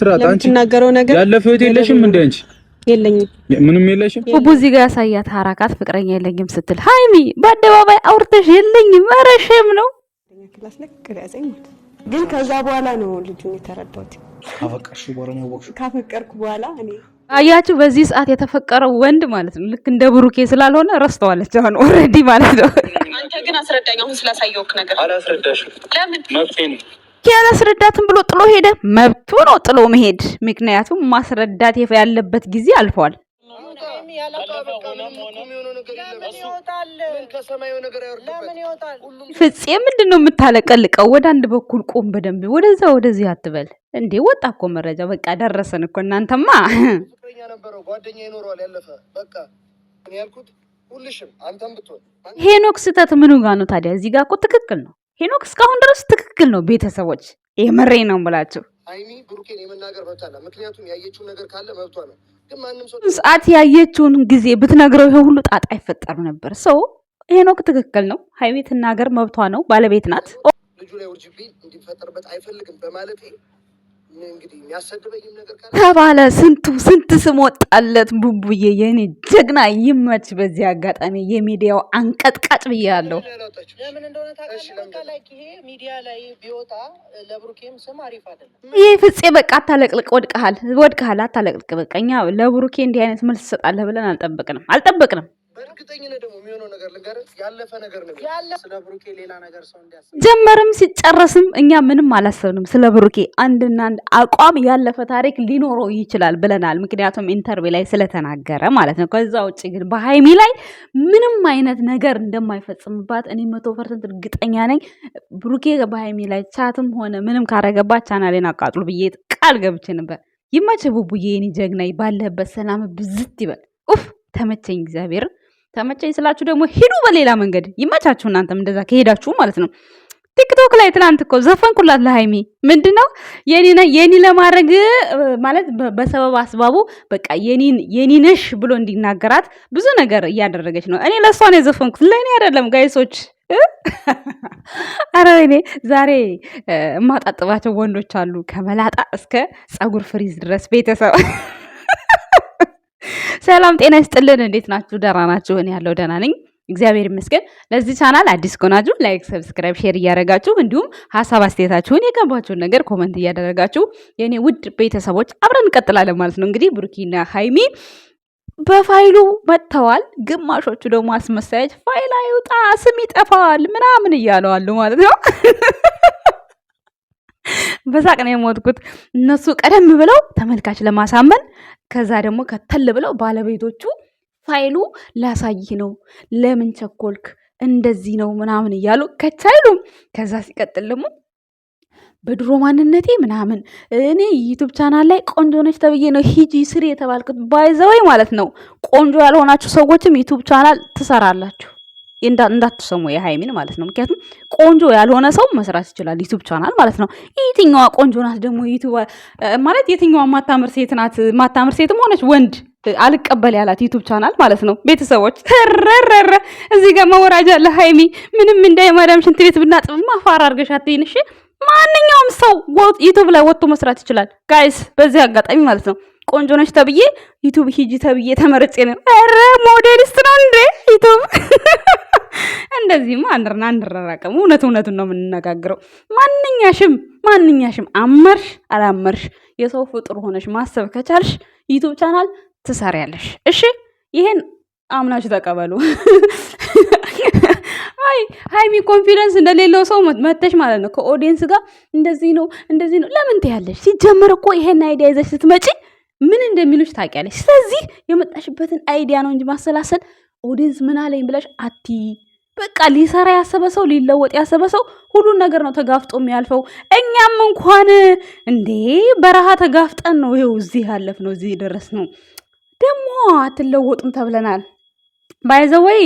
ስራት አንቺ እናገረው ነገር ያለፈው ህይወት የለሽም እንደ አንቺ የለኝም፣ ምንም የለሽም። ቡቡ እዚህ ጋር ያሳያት አራካት ፍቅረኛ የለኝም ስትል ሀይሚ በአደባባይ አውርተሽ የለኝም መረሸም ነው። ግን ከዛ በኋላ ነው ልጁን የተረዳሁት። ካፈቀርሽ በኋላ ነው ወቅሽ። ካፈቀርኩ በኋላ እኔ አያችሁ፣ በዚህ ሰዓት የተፈቀረው ወንድ ማለት ነው ልክ እንደ ብሩኬ ስላልሆነ ረስተዋለች አሁን ኦልሬዲ ማለት ነው። አንተ ግን አስረዳኝ አሁን ስላሳየውክ ነገር አላስረዳሽም። ለምን መፍትሄ ነው ያላስረዳትም ብሎ ጥሎ ሄደ። መብቱ ነው ጥሎ መሄድ። ምክንያቱም ማስረዳት ያለበት ጊዜ አልፏል። ፍፄ ምንድን ነው የምታለቀልቀው? ወደ አንድ በኩል ቁም በደንብ ወደዛ ወደዚህ አትበል እንዴ። ወጣ እኮ መረጃ። በቃ ደረሰን እኮ እናንተማ። ሄኖክ ስህተት ምኑ ጋ ነው ታዲያ? እዚህ ጋ እኮ ትክክል ነው። ሄኖክ እስካሁን ድረስ ትክክል ነው። ቤተሰቦች የምሬ ነው የምላችሁ። አይሚ ብሩኬን የመናገር መብት አለ። ምክንያቱም ያየችው ነገር ካለ መብቷ ነው። ግን ማንም ሰው ሰዓት ያየችውን ጊዜ ብትነግረው ይሄ ሁሉ ጣጣ አይፈጠርም ነበር። ሰው ሄኖክ ትክክል ነው። ሀይሜ ትናገር መብቷ ነው። ባለቤት ናት። ልጁ ላይ ውርጅብኝ እንዲፈጠርበት አይፈልግም በማለት ተባለ ስንቱ ስንት ስም ወጣለት። ቡቡዬ የኔ ጀግና ይመች። በዚህ አጋጣሚ የሚዲያው አንቀጥቃጭ ብዬ ያለው ይህ ፍፄ በቃ አታለቅልቅ፣ ወድቀሃል፣ ወድቀሃል፣ አታለቅልቅ። በቃ እኛ ለብሩኬ እንዲህ አይነት መልስ ትሰጣለህ ብለን አልጠበቅንም አልጠበቅንም። በእርግጠኝነት ደግሞ የሚሆነው ነገር ልንገርህ፣ ያለፈ ነገር ነው። ስለ ብሩኬ ሌላ ነገር ሰው እንዲያስብ ጀመርም ሲጨረስም እኛ ምንም አላሰብንም። ስለ ብሩኬ አንድና አንድ አቋም ያለፈ ታሪክ ሊኖረው ይችላል ብለናል። ምክንያቱም ኢንተርቪው ላይ ስለተናገረ ማለት ነው። ከዛ ውጭ ግን በሀይሚ ላይ ምንም አይነት ነገር እንደማይፈጽምባት እኔ መቶ ፐርሰንት እርግጠኛ ነኝ። ብሩኬ በሀይሚ ላይ ቻትም ሆነ ምንም ካረገባት ቻናሌን አቃጥሉ ብዬ ቃል ገብቼ ነበር። ይመቸ ቡቡዬ፣ የኔ ጀግናይ፣ ባለህበት ሰላም ብዝት ይበል። ኡፍ ተመቸኝ እግዚአብሔርን ተመቸኝ ስላችሁ ደግሞ ሂዱ በሌላ መንገድ ይመቻችሁ። እናንተም እንደዛ ከሄዳችሁ ማለት ነው። ቲክቶክ ላይ ትናንት እኮ ዘፈንኩላት ለሃይሚ ምንድነው የኔ ለማድረግ ማለት በሰበብ አስባቡ በቃ የኒነሽ ብሎ እንዲናገራት ብዙ ነገር እያደረገች ነው። እኔ ለእሷ ነው የዘፈንኩት ለእኔ አይደለም ጋይሶች። አረ እኔ ዛሬ የማጣጥባቸው ወንዶች አሉ ከመላጣ እስከ ፀጉር ፍሪዝ ድረስ ቤተሰብ ሰላም ጤና ይስጥልን። እንዴት ናችሁ? ደህና ናችሁ? እኔ ያለው ደህና ነኝ እግዚአብሔር ይመስገን። ለዚህ ቻናል አዲስ ከሆናችሁ ላይክ፣ ሰብስክራይብ፣ ሼር እያደረጋችሁ እንዲሁም ሀሳብ አስተያየታችሁን የገባችሁን ነገር ኮመንት እያደረጋችሁ የእኔ ውድ ቤተሰቦች አብረን እንቀጥላለን ማለት ነው። እንግዲህ ብሩኪና ሀይሚ በፋይሉ መጥተዋል። ግማሾቹ ደግሞ አስመሳያች ፋይል አይውጣ ስም ይጠፋል ምናምን እያለዋሉ ማለት ነው። በሳቅ ነው የሞትኩት። እነሱ ቀደም ብለው ተመልካች ለማሳመን ከዛ ደግሞ ከተል ብለው ባለቤቶቹ ፋይሉ ላሳይህ ነው፣ ለምን ቸኮልክ፣ እንደዚህ ነው ምናምን እያሉ ከቻይሉ ከዛ ሲቀጥል ደግሞ በድሮ ማንነቴ ምናምን እኔ ዩቱብ ቻናል ላይ ቆንጆ ነች ተብዬ ነው ሂጂ ስሪ የተባልኩት። ባይዘወይ ማለት ነው ቆንጆ ያልሆናችሁ ሰዎችም ዩቱብ ቻናል ትሰራላችሁ። እንዳትሰሙ የሃይሚን ማለት ነው። ምክንያቱም ቆንጆ ያልሆነ ሰው መስራት ይችላል ዩቱብ ቻናል ማለት ነው። የትኛዋ ቆንጆ ናት ደግሞ ዩቱብ ማለት የትኛዋ ማታምር ሴት ናት? ማታምር ሴትም ሆነች ወንድ አልቀበል ያላት ዩቱብ ቻናል ማለት ነው። ቤተሰቦች ረረረ እዚህ ጋር መወራጃ ለሃይሚ ምንም እንዳይ ማዳም ሽንት ቤት ብናጥብ ማፋር አርገሻት ይንሽ ማንኛውም ሰው ዩቱብ ላይ ወጥቶ መስራት ይችላል። ጋይስ በዚህ አጋጣሚ ማለት ነው ቆንጆ ነች ተብዬ ዩቱብ ሂጂ ተብዬ ተመርጬ ነው። ረ ሞዴል እኔማ አንራራቅም። እውነት እውነቱን ነው የምንነጋግረው። ማንኛሽም ማንኛሽም አመርሽ አላመርሽ የሰው ፍጡር ሆነሽ ማሰብ ከቻልሽ ዩቱብ ቻናል ትሰሪያለሽ። እሺ ይሄን አምናችሁ ተቀበሉ። አይ ሃይሚ ኮንፊደንስ እንደሌለው ሰው መተሽ ማለት ነው ከኦዲየንስ ጋር እንደዚህ ነው እንደዚህ ነው ለምን ትያለሽ? ሲጀመር እኮ ይሄን አይዲያ ይዘሽ ስትመጪ ምን እንደሚሉሽ ታውቂያለሽ። ስለዚህ የመጣሽበትን አይዲያ ነው እንጂ ማሰላሰል ኦዲየንስ ምን አለኝ ብለሽ አቲ በቃ ሊሰራ ያሰበ ሰው ሊለወጥ ያሰበ ሰው ሁሉን ነገር ነው ተጋፍጦ የሚያልፈው። እኛም እንኳን እንዴ በረሃ ተጋፍጠን ነው ይሄው እዚህ ያለፍ ነው እዚህ ደረስ ነው። ደግሞ አትለወጡም ተብለናል። ባይዘወይ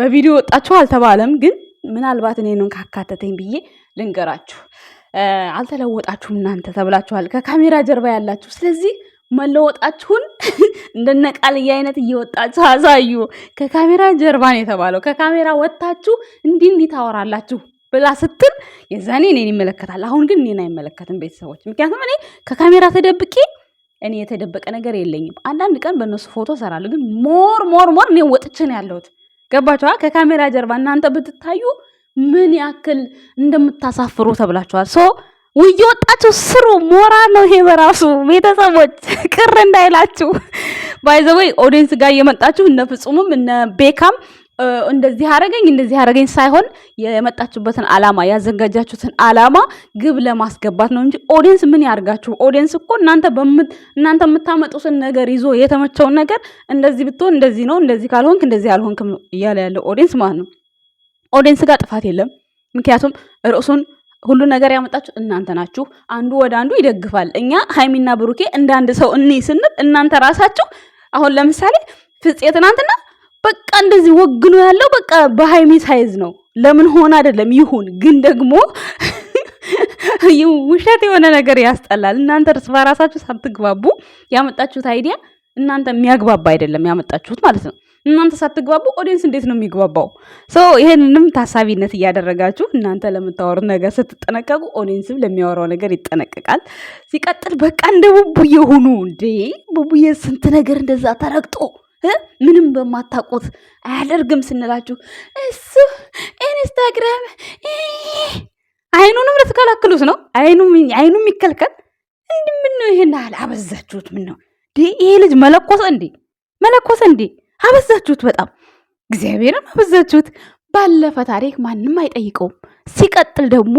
በቪዲዮ ወጣችሁ አልተባለም፣ ግን ምናልባት እኔን ካካተተኝ ብዬ ልንገራችሁ። አልተለወጣችሁም እናንተ ተብላችኋል፣ ከካሜራ ጀርባ ያላችሁ። ስለዚህ መለወጣችሁን እንደነ ቃልዬ አይነት እየወጣችሁ አሳዩ። ከካሜራ ጀርባ የተባለው። ከካሜራ ወጥታችሁ እንዲህ እንዲህ ታወራላችሁ ብላ ስትል የዛኔ እኔን ይመለከታል። አሁን ግን እኔን አይመለከትም ቤተሰቦች። ምክንያቱም እኔ ከካሜራ ተደብቄ እኔ የተደበቀ ነገር የለኝም። አንዳንድ ቀን በእነሱ ፎቶ እሰራለሁ። ግን ሞር ሞር ሞር እኔ ወጥቼ ነው ያለሁት። ገባችኋ? ከካሜራ ጀርባ እናንተ ብትታዩ ምን ያክል እንደምታሳፍሩ ተብላችኋል። ሶ እየወጣችሁ ስሩ። ሞራ ነው ይሄ በራሱ ቤተሰቦች፣ ቅር እንዳይላችሁ። ባይዘወይ ኦዲንስ ጋር እየመጣችሁ እነ ፍጹምም እነ ቤካም እንደዚህ አረገኝ እንደዚህ አረገኝ ሳይሆን የመጣችሁበትን አላማ ያዘጋጃችሁትን አላማ ግብ ለማስገባት ነው እንጂ ኦዲንስ ምን ያርጋችሁ? ኦዲንስ እኮ እናንተ እናንተ የምታመጡትን ነገር ይዞ የተመቸውን ነገር እንደዚህ ብትሆን እንደዚህ ነው እንደዚህ ካልሆንክ እንደዚህ አልሆንክም እያለ ያለው ኦዲንስ ማለት ነው። ኦዲንስ ጋር ጥፋት የለም። ምክንያቱም ርዕሱን ሁሉ ነገር ያመጣችሁ እናንተ ናችሁ። አንዱ ወደ አንዱ ይደግፋል። እኛ ሀይሚና ብሩኬ እንደ አንድ ሰው እኔ ስንል እናንተ ራሳችሁ አሁን ለምሳሌ ፍፄ ትናንትና በቃ እንደዚህ ወግኖ ያለው በቃ በሀይሚ ሳይዝ ነው። ለምን ሆነ አይደለም ይሁን፣ ግን ደግሞ ውሸት የሆነ ነገር ያስጠላል። እናንተ እርስ በራሳችሁ ሳትግባቡ ያመጣችሁት አይዲያ እናንተ የሚያግባባ አይደለም ያመጣችሁት ማለት ነው። እናንተ ሳትግባቡ ኦዲየንስ እንዴት ነው የሚግባባው? ይህንንም ታሳቢነት እያደረጋችሁ እናንተ ለምታወሩት ነገር ስትጠነቀቁ፣ ኦዲየንስም ለሚያወራው ነገር ይጠነቀቃል። ሲቀጥል በቃ እንደ ቡቡዬ ሁኑ እንዴ! ቡቡዬ ስንት ነገር እንደዛ ተረግጦ ምንም በማታውቁት አያደርግም ስንላችሁ እሱ ኢንስታግራም አይኑንም ልትከላክሉት ነው። አይኑም ይከልከል። እንዲህ ምነው ይሄን ያህል አበዛችሁት? ምነው ይሄ ልጅ መለኮሰ እንዴ? መለኮሰ እንዴ? አበዛችሁት፣ በጣም እግዚአብሔርም አበዛችሁት። ባለፈ ታሪክ ማንም አይጠይቀውም። ሲቀጥል ደግሞ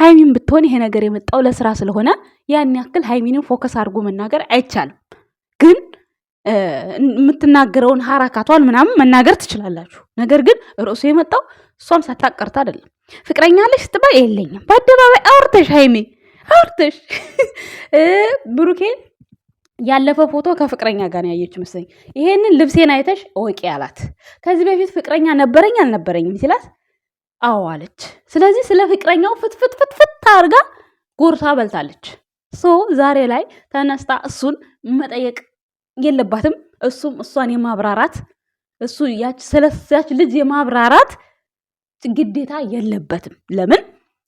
ሀይሚን ብትሆን ይሄ ነገር የመጣው ለስራ ስለሆነ ያን ያክል ሀይሚንን ፎከስ አድርጎ መናገር አይቻልም። ግን የምትናገረውን ሀራካቷን ምናምን መናገር ትችላላችሁ። ነገር ግን ርዕሱ የመጣው እሷም ሳታቀርት አይደለም። ፍቅረኛ አለሽ ስትባል የለኝም በአደባባይ አውርተሽ ሀይሜ አውርተሽ ብሩኬን ያለፈው ፎቶ ከፍቅረኛ ጋር ያየች መሰለኝ። ይሄንን ልብሴን አይተሽ እወቂ አላት። ከዚህ በፊት ፍቅረኛ ነበረኝ አልነበረኝም ሲላት አዎ አለች። ስለዚህ ስለ ፍቅረኛው ፍትፍትፍትፍት አድርጋ ጎርሳ በልታለች። ሶ ዛሬ ላይ ተነስታ እሱን መጠየቅ የለባትም። እሱም እሷን የማብራራት እሱ ስለያች ልጅ የማብራራት ግዴታ የለበትም። ለምን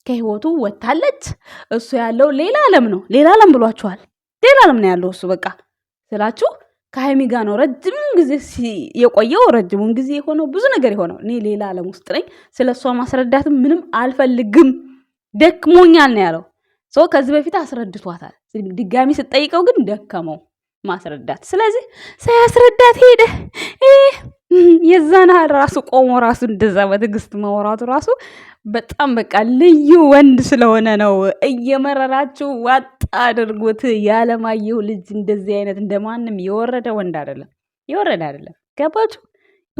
ከህይወቱ ወታለች እሱ ያለው ሌላ ዓለም ነው። ሌላ ዓለም ብሏችኋል። ሌላ ዓለም ነው ያለው እሱ በቃ ስላችሁ ከሀይሚ ጋ ነው ረጅም ጊዜ የቆየው፣ ረጅሙን ጊዜ የሆነው ብዙ ነገር የሆነው። እኔ ሌላ ዓለም ውስጥ ነኝ። ስለ እሷ ማስረዳትም ምንም አልፈልግም፣ ደክሞኛል ነው ያለው ሰ ከዚህ በፊት አስረድቷታል። ድጋሚ ስጠይቀው ግን ደከመው ማስረዳት። ስለዚህ ሳያስረዳት ሄደ። የዛን ራሱ ቆሞ ራሱ እንደዛ በትዕግስት መወራቱ ራሱ በጣም በቃ ልዩ ወንድ ስለሆነ ነው። እየመረራችሁ ዋጥ አድርጉት። የአለማየሁ ልጅ እንደዚህ አይነት እንደማንም የወረደ ወንድ አይደለም፣ የወረደ አይደለም። ገባችሁ?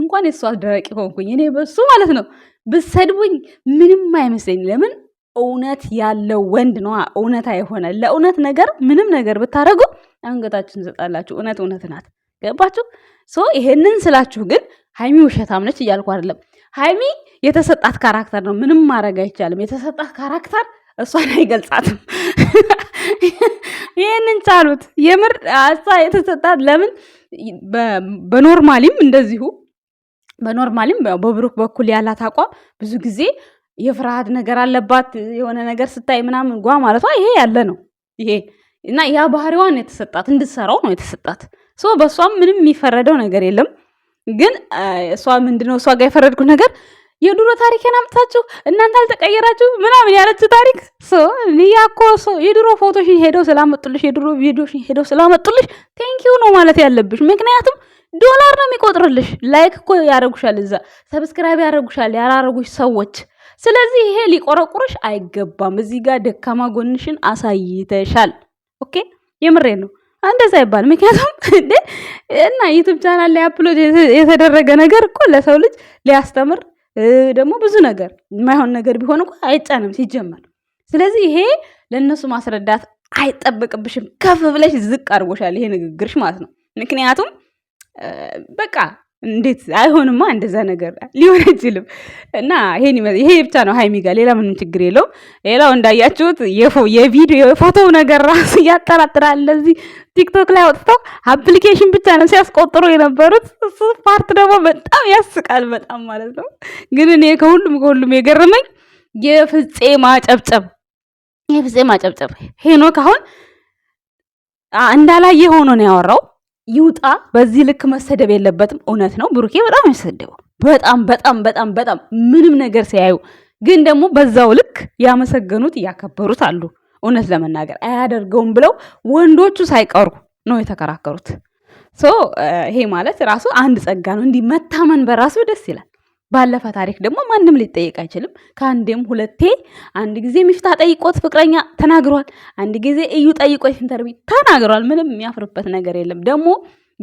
እንኳን የእሱ አስደራቂ ሆንኩኝ እኔ በሱ ማለት ነው። ብሰድቡኝ ምንም አይመስለኝ። ለምን እውነት ያለው ወንድ ነዋ። እውነት አይሆነ ለእውነት ነገር ምንም ነገር ብታደረጉ አንገታችሁን ትሰጣላችሁ። እውነት እውነት ናት። ገባችሁ? ሶ ይሄንን ስላችሁ ግን ሀይሚ ውሸታም ነች እያልኩ አይደለም። ሀይሚ የተሰጣት ካራክተር ነው። ምንም ማድረግ አይቻልም። የተሰጣት ካራክተር እሷን አይገልጻትም። ይህንን ቻሉት። የምር እሷ የተሰጣት ለምን በኖርማሊም እንደዚሁ በኖርማሊም በብሩክ በኩል ያላት አቋም ብዙ ጊዜ የፍርሃት ነገር አለባት። የሆነ ነገር ስታይ ምናምን ጓ ማለቷ ይሄ ያለ ነው። ይሄ እና ያ ባህሪዋን የተሰጣት እንድትሰራው ነው የተሰጣት። በእሷም ምንም የሚፈረደው ነገር የለም። ግን እሷ ምንድነው እሷ ጋር የፈረድኩ ነገር የድሮ ታሪክ አምጥታችሁ እናንተ አልተቀየራችሁ ምናምን ያለችው ታሪክ ያኮ የድሮ ፎቶሽን ሄደው ስላመጡልሽ የድሮ ቪዲዮሽን ሄደው ስላመጡልሽ ቴንኪዩ ነው ማለት ያለብሽ። ምክንያቱም ዶላር ነው የሚቆጥርልሽ። ላይክ እኮ ያደረጉሻል፣ እዛ ሰብስክራይብ ያደረጉሻል ያላረጉሽ ሰዎች። ስለዚህ ይሄ ሊቆረቁርሽ አይገባም። እዚህ ጋር ደካማ ጎንሽን አሳይተሻል። ኦኬ፣ የምሬ ነው። እንደዛ ይባል። ምክንያቱም እንዴ እና ዩቱብ ቻናል ላይ አፕሎድ የተደረገ ነገር እኮ ለሰው ልጅ ሊያስተምር ደግሞ ብዙ ነገር የማይሆን ነገር ቢሆን እኮ አይጫንም ሲጀመር። ስለዚህ ይሄ ለእነሱ ማስረዳት አይጠበቅብሽም። ከፍ ብለሽ ዝቅ አድርጎሻል ይሄ ንግግርሽ ማለት ነው። ምክንያቱም በቃ እንዴት አይሆንማ፣ እንደዛ ነገር ሊሆን አይችልም። እና ይሄ ብቻ ነው ሀይሚ ጋር፣ ሌላ ምንም ችግር የለውም። ሌላው እንዳያችሁት የቪዲዮ የፎቶው ነገር ራሱ ያጠራጥራል። ለዚህ ቲክቶክ ላይ አውጥተው አፕሊኬሽን ብቻ ነው ሲያስቆጥሩ የነበሩት። እሱ ፓርት ደግሞ በጣም ያስቃል፣ በጣም ማለት ነው። ግን እኔ ከሁሉም ከሁሉም የገረመኝ የፍፄ ማጨብጨብ፣ የፍፄ ማጨብጨብ ሄኖክ አሁን እንዳላየ ሆኖ ነው ያወራው ይውጣ። በዚህ ልክ መሰደብ የለበትም። እውነት ነው፣ ብሩኬ በጣም ያሰደበው በጣም በጣም በጣም በጣም ምንም ነገር ሲያዩ፣ ግን ደግሞ በዛው ልክ ያመሰገኑት እያከበሩት አሉ። እውነት ለመናገር አያደርገውም ብለው ወንዶቹ ሳይቀሩ ነው የተከራከሩት። ሶ ይሄ ማለት ራሱ አንድ ጸጋ ነው። እንዲህ መታመን በራሱ ደስ ይላል። ባለፈ ታሪክ ደግሞ ማንም ሊጠየቅ አይችልም። ከአንዴም ሁለቴ አንድ ጊዜ ሚፍታ ጠይቆት ፍቅረኛ ተናግሯል። አንድ ጊዜ እዩ ጠይቆት ኢንተርቪው ተናግሯል። ምንም የሚያፍርበት ነገር የለም። ደግሞ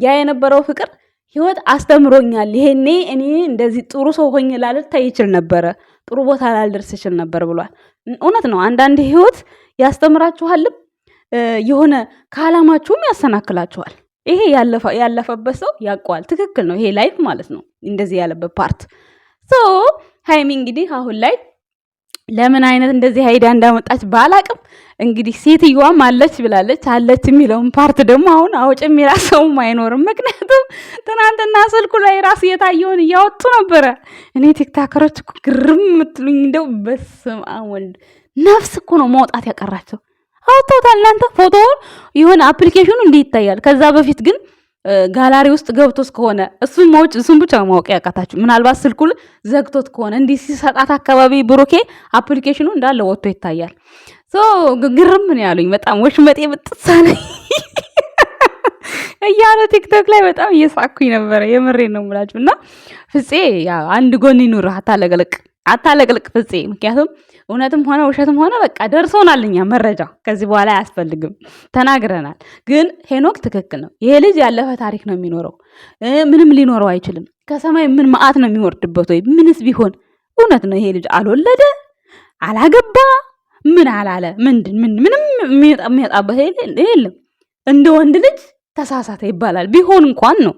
ያ የነበረው ፍቅር ህይወት አስተምሮኛል። ይሄኔ እኔ እንደዚህ ጥሩ ሰው ሆኜ ላልል ይችል ነበረ፣ ጥሩ ቦታ ላልደርስ ይችል ነበር ብሏል። እውነት ነው። አንዳንድ ህይወት ያስተምራችኋልም የሆነ ከአላማችሁም ያሰናክላችኋል። ይሄ ያለፈበት ሰው ያውቀዋል። ትክክል ነው። ይሄ ላይፍ ማለት ነው እንደዚህ ያለበት ፓርት ሶ ሀይሚ እንግዲህ አሁን ላይ ለምን አይነት እንደዚህ ሄዳ እንዳመጣች ባላቅም እንግዲህ ሴትዮዋም አለች ብላለች። አለች የሚለውን ፓርት ደግሞ አሁን አውጭ የሚላ ሰውም አይኖርም። ምክንያቱም ትናንትና ስልኩ ላይ ራሱ የታየውን እያወጡ ነበረ። እኔ ቲክታከሮች ግርም የምትሉኝ እንደው በስመ አብ ወልድ ነፍስ እኮ ነው መውጣት ያቀራቸው። አውጥተውታል። እናንተ ፎቶውን የሆነ አፕሊኬሽኑ እንዲህ ይታያል። ከዛ በፊት ግን ጋላሪ ውስጥ ገብቶ ከሆነ እሱን ማውጭ እሱን ብቻ ማወቅ ያውቃታችሁ። ምናልባት ስልኩን ዘግቶት ከሆነ እንዲህ ሲሰጣት አካባቢ ብሩኬ አፕሊኬሽኑ እንዳለ ወጥቶ ይታያል። ግርም ምን ያሉኝ። በጣም ወሽመጤ ብጥሳ ነኝ እያለ ቲክቶክ ላይ በጣም እየሳኩኝ ነበረ። የምሬ ነው የምላችሁ እና ፍፄ አንድ ጎን ይኑር፣ አታለቅልቅ አታለቅልቅ ፍፄ ምክንያቱም እውነትም ሆነ ውሸትም ሆነ በቃ ደርሶናል፣ እኛ መረጃ ከዚህ በኋላ አያስፈልግም፣ ተናግረናል። ግን ሄኖክ ትክክል ነው። ይሄ ልጅ ያለፈ ታሪክ ነው የሚኖረው፣ ምንም ሊኖረው አይችልም። ከሰማይ ምን መዓት ነው የሚወርድበት? ወይ ምንስ ቢሆን እውነት ነው። ይሄ ልጅ አልወለደ፣ አላገባ፣ ምን አላለ፣ ምንድን ምንም የሚያጣበት የለም። እንደ ወንድ ልጅ ተሳሳተ ይባላል ቢሆን እንኳን ነው።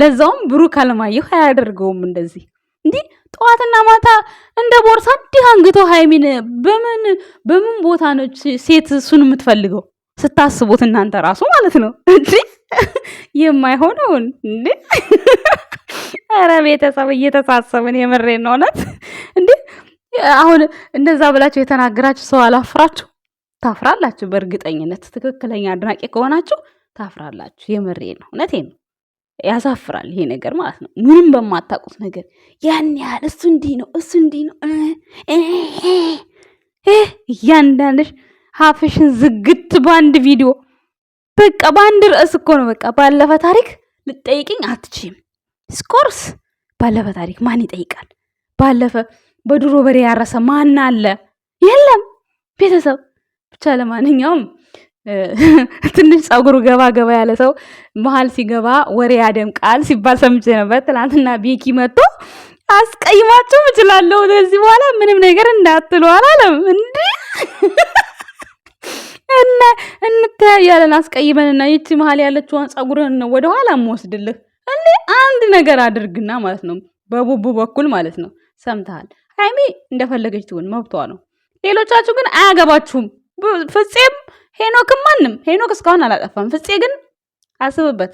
ለዛውም ብሩክ አለማየሁ አያደርገውም እንደዚህ እንዲህ ጠዋትና ማታ እንደ ቦርሳ እንዲህ አንግቶ ሀይሚን በምን በምን ቦታ ነች ሴት እሱን የምትፈልገው? ስታስቡት እናንተ ራሱ ማለት ነው እንጂ የማይሆነውን እንዲ ኧረ ቤተሰብ እየተሳሰብን የምሬን ነው እውነት። እንዴ አሁን እንደዛ ብላችሁ የተናገራችሁ ሰው አላፍራችሁ? ታፍራላችሁ። በእርግጠኝነት ትክክለኛ አድናቂ ከሆናችሁ ታፍራላችሁ። የምሬ ነው እውነቴን ነው። ያሳፍራል ይሄ ነገር ማለት ነው። ምንም በማታውቁት ነገር ያን ያህል እሱ እንዲህ ነው እሱ እንዲህ ነው እያንዳንድሽ ሀፍሽን ዝግት በአንድ ቪዲዮ በቃ በአንድ ርዕስ እኮ ነው። በቃ ባለፈ ታሪክ ልጠይቅኝ አትችም። ስኮርስ ባለፈ ታሪክ ማን ይጠይቃል? ባለፈ በድሮ በሬ ያረሰ ማን አለ? የለም ቤተሰብ ብቻ ለማንኛውም ትንሽ ጸጉሩ ገባ ገባ ያለ ሰው መሀል ሲገባ ወሬ ያደምቃል ሲባል ሰምቼ ነበር። ትናንትና ቤኪ መጥቶ አስቀይማችሁ እችላለሁ ከዚህ በኋላ ምንም ነገር እንዳትሉ አላለም። እንዲ እንተያያለን አስቀይመንና ይቺ መሀል ያለችውን ጸጉርህን ነው ወደኋላ የምወስድልህ። እንዲ አንድ ነገር አድርግና ማለት ነው በቡቡ በኩል ማለት ነው። ሰምተሃል? ሀይሚ እንደፈለገች ትሁን መብቷ ነው። ሌሎቻችሁ ግን አያገባችሁም ፍጼም ሄኖክም ማንም ሄኖክ እስካሁን አላጠፋም። ፍፄ ግን አስብበት።